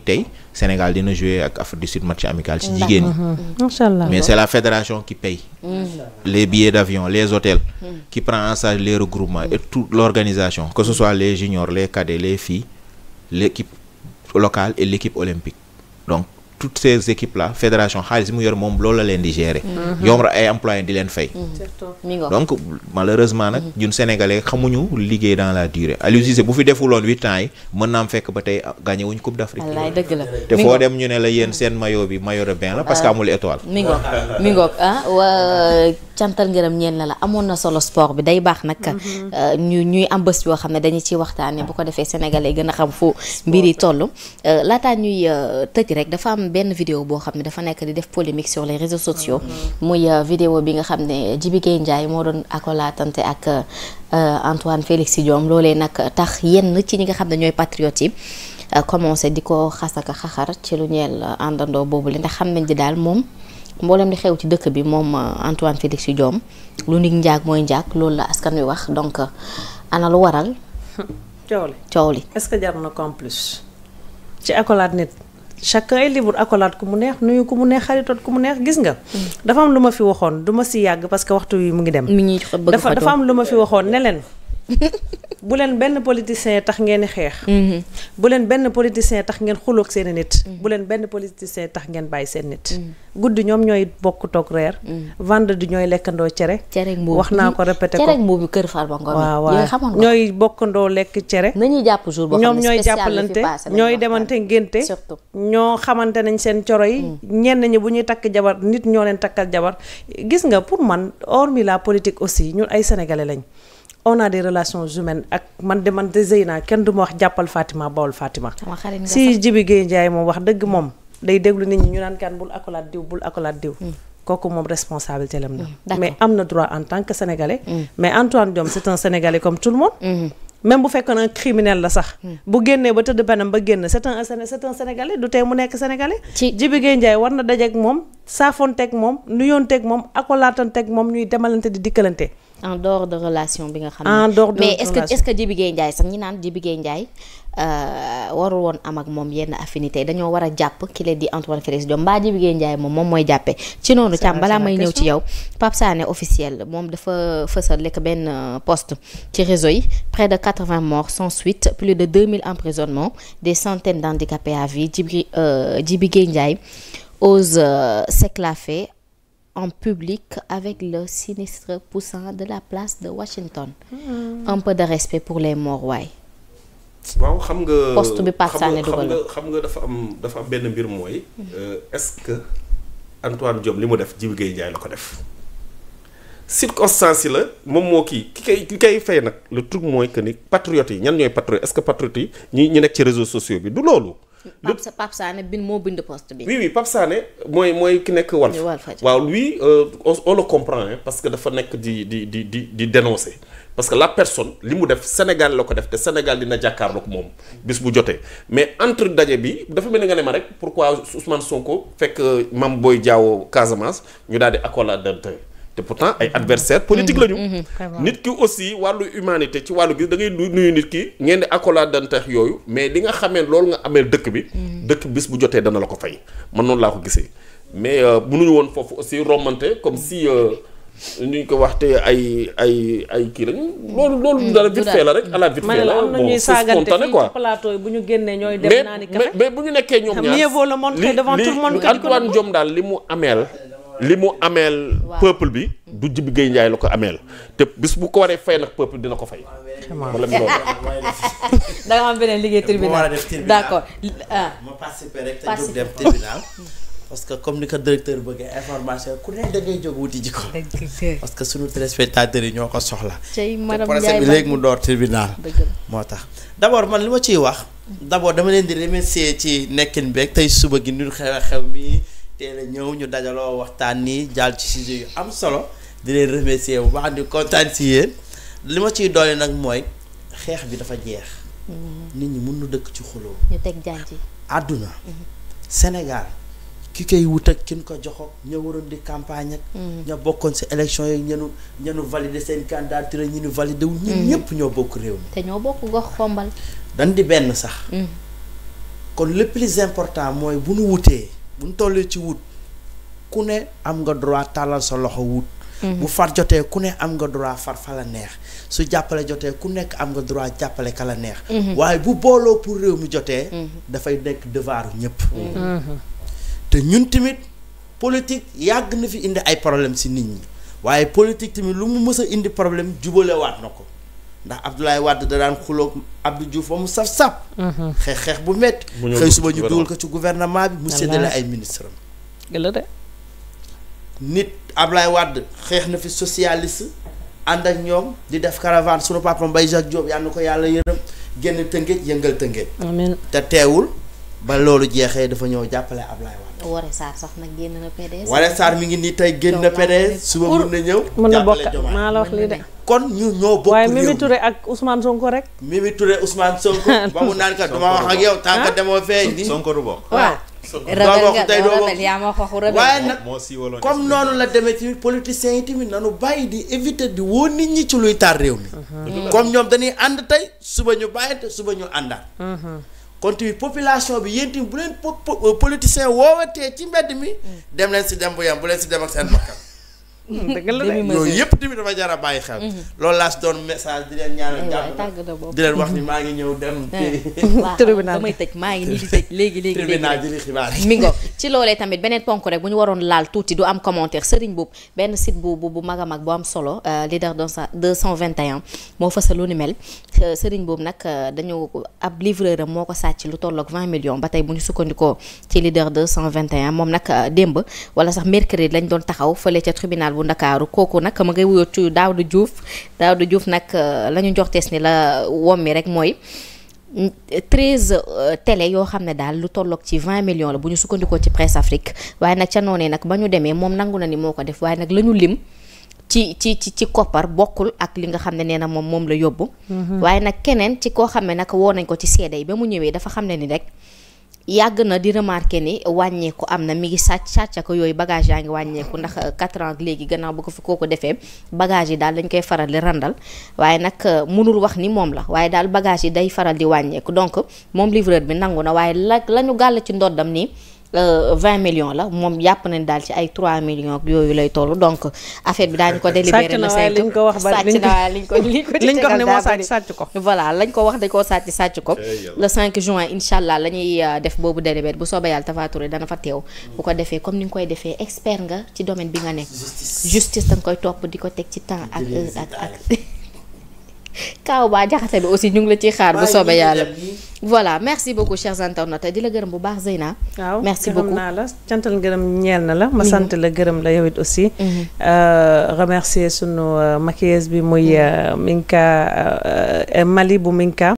tey Sénégal dina jouer ak Afrique du Sud match amical ci jigéen mhm. mm-hmm. mais c'est la fédération qui paye mm-hmm. les billets d'avion les hôtels mm-hmm. qui prend en charge les regroupements et toute l'organisation que ce soit les juniors les cadets les filles l'équipe locale et l'équipe olympique donc toutes ces équipes là fédération xaalis bi mu yor moom loolu la leen di gérer. yomb mhm. ay employés di leen fay. Mhm. donc malheureusement nag mhm. ñun sénégalais xamuñu liggéey dans la durée Aliou bu fi defuloon huit ans yi mën naa am fekk ba tey gagné wuñ coupe d'Afrique. te foo dem ñu ne la yéen seen maillot bi maillot de bain la parce que ah. amul étoile. mi ngoog ah, cantal ngërëm ñeen na la amoon na solo sport bi day baax nag mhm. euh, ñu ñuy am bés yoo xam ne dañu ci waxtaane bu ko defee sénégalais gën a xam fu mbir yi toll euh, laataa ñuy euh, tëj rek dafa am benn vidéo boo xam ne dafa nekk di def polémique sur les réseaux sociaux mhm. muy vidéo bi nga xam ne Djibi njaay moo doon akolaatante ak Antoine Félix Diome loolee nag tax yenn ci ñi nga xam ne ñooy patriotes yi commencé di ko xasaka xaxar ci lu ñeel àndandoo boobu li ndax xam nañ di daal moom mboolem di xew ci dëkk bi moom euh, Antoine Félix Diome lu nit njaag mooy njaag loolu la askan wi wax donc euh, ana lu waral. coow li li. est-ce que jar na complice ci accolade nit. chacun est libre accolade ku mu neex nuyu ku mu neex xaritoot ku mu neex gis nga. Mm. dafa am lu ma fi waxoon du ma si yàgg parce que waxtu wi mu ngi dem. dafa dafa am lu ma fi waxoon ne leen. bu leen benn politicien tax ngeen xeex. Mhm. bu leen benn politicien tax ngeen xuloog seen nit. Mhm. bu leen benn politicien tax ngeen bàyyi seen nit. Mhm. guddi ñoom ñooy bokk toog reer. vendredi ñooy lekkandoo cere. cere mboobu wax naa ko répété ko cere kër Farba Ngom. waaw waaw ñooy bokkandoo lekk cere. nañuy jàpp jour boo xam ne ñooy jàppalante ñooy demante ngénte. surtout ñoo xamante nañ seen coro yi. Mm. ñenn ñi bu ñuy takk jabar nit ñoo leen takkal jabar. gis nga pour man hormis la politique aussi ñun ay sénégalais lañ. on a des relations humaines ak man de man de Zeyna kenn du ma wax jàppal Fatima bawul Fatima. si Jibi Gueye Ndiaye moom wax dëgg moom day déglu nit ñi ñu naan kan bul accolade diw bul accolade diw. Hmm. kooku moom responsabilité lam na hmm, am na droit en tant que sénégalais. Hmm. mais Antoine Diome c'est un sénégalais comme tout le monde. même bu fekkoon un criminel la sax. bu génnee ba tëdd penam ba génn c'est un c'est un sénégalais du tey mu nekk sénégalais. ci Jibi Gueye war na dajeeg moom saafoonteeg moom nuyoonteeg moom accolaatanteeg moom ñuy demalante di dikkalante. en dehors de relation bi nga xam ne. en dehors de mais est-ce que est sax ñi naan Djibi Gueye Ndiaye euh, warul woon am ak moom yenn affinité dañoo war a jàpp ki leen di Antoine Félix Diome mbaa Djibi Gueye Ndiaye moom moom mooy jàppee. ci noonu Thiam balaa may ñëw ci yow Pape officiel moom dafa fësal lekk benn euh, poste ci réseau yi près de quatre vingt morts sans suite plus de deux mille emprisonnements des centaines d'handicapés à vie ji euh, Djibi Gueye Ndiaye ose s'éclater en public avec le sinistre poussin de la place de Washington. Mmh. un peu de respect pour les morts waay. waaw xam nga poste bi Pape Sané dugal na xam nga dafa am dafa am benn mbir mooy. Hmm. Euh, est-ce que Antoine Diome li mu def Djibi Gueye Ndiaye la ko def. circonstance yi la moom moo kii ki kay ki kay fay nag le truc mooy que ni patriotes yi ñan ñooy patriotes est-ce yi ñi ñu nekk ci réseau sociaux bi du loolu. Pape Pape Sané bin moo bind poste bi. oui oui Pape mooy mooy ki nekk Walf. waaw lui olo euh, on comprend parce que dafa nekk di di di di di dénoncer parce que la personne li mu def Sénégal la ko def te Sénégal dina jàkkaarloog moom bis bu jotee mais entre daje bi dafa mel ni nga ne ma rek pourquoi Ousmane Sonko fekk euh, mam booy Diao Casamance ñu daal di accolade te pourtant ay adversaire politique mhm, lañu mhm, mhm, nit ki aussi wàllu humanité ci wàllu gis da ngay nuyu nit ki ngeen di accolaadanteex yooyu mais li nga xamee loolu nga amee dëkk bi dëkk bis bu jotee dana la ko fay man noonu laa ko gisee mais bu euh, ñu woon foofu aussi romante comme si euh, ñu ko wax te ay ay ay kii lañu loolu loolu mm, dara vite fait la rek à la vite fait la bon c'est spontané quoi plateau bu ñu génnee ñooy dem naa ni mais bu ñu nekkee ñoom ñaar daal li mu ameel li mu ameel peuple bi du Jibi Gueye Ndiaye la ko ameel te bis bu ko waree fay nag peuple dina ko fay wala mi loolu da nga am beneen liggéey tribunal d'accord ah. ma participer rek te que comme ni ko directeur bëggee information ku ne da ngay jóg wuti ji ko parce que suñu téléspectateurs yi ñoo ko soxla te procès bi léegi mu door tribunal moo tax d'abord man li ma ciy wax d'abord dama leen di remercier ci nekkin beeg tey suba gi nu xew xew mi teel ñëw ñu dajaloo waxtaan nii jàll ci sujet yu am solo di leen remercier bu baax di si li ma ciy doole nag mooy xeex bi dafa jeex. Mm-hmm. nit ñi mun nu dëkk ci xuloo ñu àdduna mm-hmm. Sénégal ki koy wut ak ki ñu ko joxoon ña waroon di campagne ak. Mm-hmm. ña bokkoon si élection yi ñenu ñenu validé seen candidature ñu ñu validé wu. ñun ñëpp ñoo bokk réew mi. te ñoo bokk gox xombal. dañ di benn sax. kon le plus important mooy bu nu wutee. bu ñu ci wut ku ne am nga droit tàllal sa loxo wut. Mm-hmm. bu far jotee ku ne am nga droit far fa la neex su jàppale jotee ku nekk am nga droit jàppale ka la neex. Mm-hmm. waaye bu booloo pour réew mi jotee. Mm-hmm. dafay nekk devoiru ñëpp. te ñun tamit politique yàgg na fi indi ay problème si nit ñi waaye politique tamit lu mu mës a indi problème jubalewaat na ko. ndax Abdoulaye Wade da daan xuloo Abdou Diouf ba mu saf saf. Mhm. xeex xeex bu métti. xëy suba ñu dugal ko ci gouvernement bi. mu séddale ay ministre am. gën la de. xeex na fi socialist ànd ak ñoom di def caravane sunu papa Mbaye Jacques Diop yal ko yàlla yërëm genn tëngeej yëngal tëngeej. te teewul ba loolu jeexee dafa ñëw jàppale Abdoulaye Wade. Woré Sarr sax nag génn na PDS. Woré Sarr mi ngi nii tey génn na PDS suba mën na ñëw. mën na bokk maa la wax lii de. kon ñu ñoo bokk. waaye Mimi Touré ak Ousmane Sonko rek. Mimi Touré Ousmane Sonko. ba mu naan kat dama ah? la demee ci politiciens yi tamit nanu bàyyi di éviter di woo nit ñi ci luy taar réew mi. Mhm. comme ñoom dañuy ànd tey suba ñu bàyyi te suba ñu àndaat. Mhm. kon tamit population bi yéen tamit bu leen politicien woowatee ci mbedd mi mm. dem leen si dem bu yam bu leen si dem ak seen bakkan dëgg la de yooyu yëpp tamit dafa jar a bàyyi xel. Mm-hmm. loolu laa si doon message di leen na jàmm. di leen wax ni maa ngi ñëw dem. Eh, tribunal léegi léegi. tribunal jëli xibaar mi tamit beneen ponk bu ñu waroon laal tuuti du am commentaire Serigne boobu benn site bu bu mag a mag bu am solo euh, leader 221 moo fësal lu ni mel euh, Serigne boobu nag euh, dañu ab livreur moo ko sàcc lu tolloog 20 millions ba tey bu ñu sukkandikoo ci leader 221 moom nag démb wala sax mercredi lañ doon taxaw fële ca tribunal bu bu ndakaaru kooku nag ma ngay wuyoo ci Daouda Diouf Daouda Diouf nag euh, la ñu jox tees ni la wommi rek mooy treize euh, télé yoo xam ne daal lu tolloog ci vingt millions la bu ñu sukkandikoo ci presse Afrique waaye nag ca noonee nag ba ñu demee moom nangu na ni moo ko def waaye nag la ñu lim ci ci ci ci koppar bokkul ak li nga xam ne nee na moom moom la yóbbu. Mm-hmm. waaye nag keneen ci koo xam ne nag woo nañ ko ci seede yi ba mu ñëwee dafa xam ne ni rek. yàgg na di remarqué ni wàññeeku am na mi ngi sàcc sàcc yooyu bagage yaa ngi wàññeeku ndax 4 euh, ans léegi gannaaw bu ko fi ko defee bagage yi daal dañ koy faral di randal waaye nag euh, mënul wax ni moom la waaye daal bagage yi day faral di wàññeeku donc moom livreur bi nangu na waaye la la ñu gàll ci ndoddam nii Euh, vingt millions la moom yàpp nañ daal ci ay trois millions yooyu lay toll donc affaire bi daañu ko délibéré le na ko wax bari sàcc na waaye liñ ko liñ ko wax ne sàcc ko voilà lañ wax dañ koo sàcc sàcc ko le 5 juin incha allah la ñuy euh, def boobu délibéré bu soobee yàlla Tapha Touré dana fa teew bu ko defee comme ni nga koy defee expert nga ci domaine bi nga nekk justice danga koy topp di ko teg ci temps ak ak ak kaaw baa jaxate bi aussi ñu ngi la ciy xaar bu soobee yàlla voilà merci beaucoup chers internautes di la gërëm bu baax Zeyna waaw merci beaucoup naa la cantal gërëm ñeel na la ma mhm. sant la gërëm la yow it aussi mhm. euh, remercier sunu euh, maquilleuse bi muy euh, Minka Mali bu Minka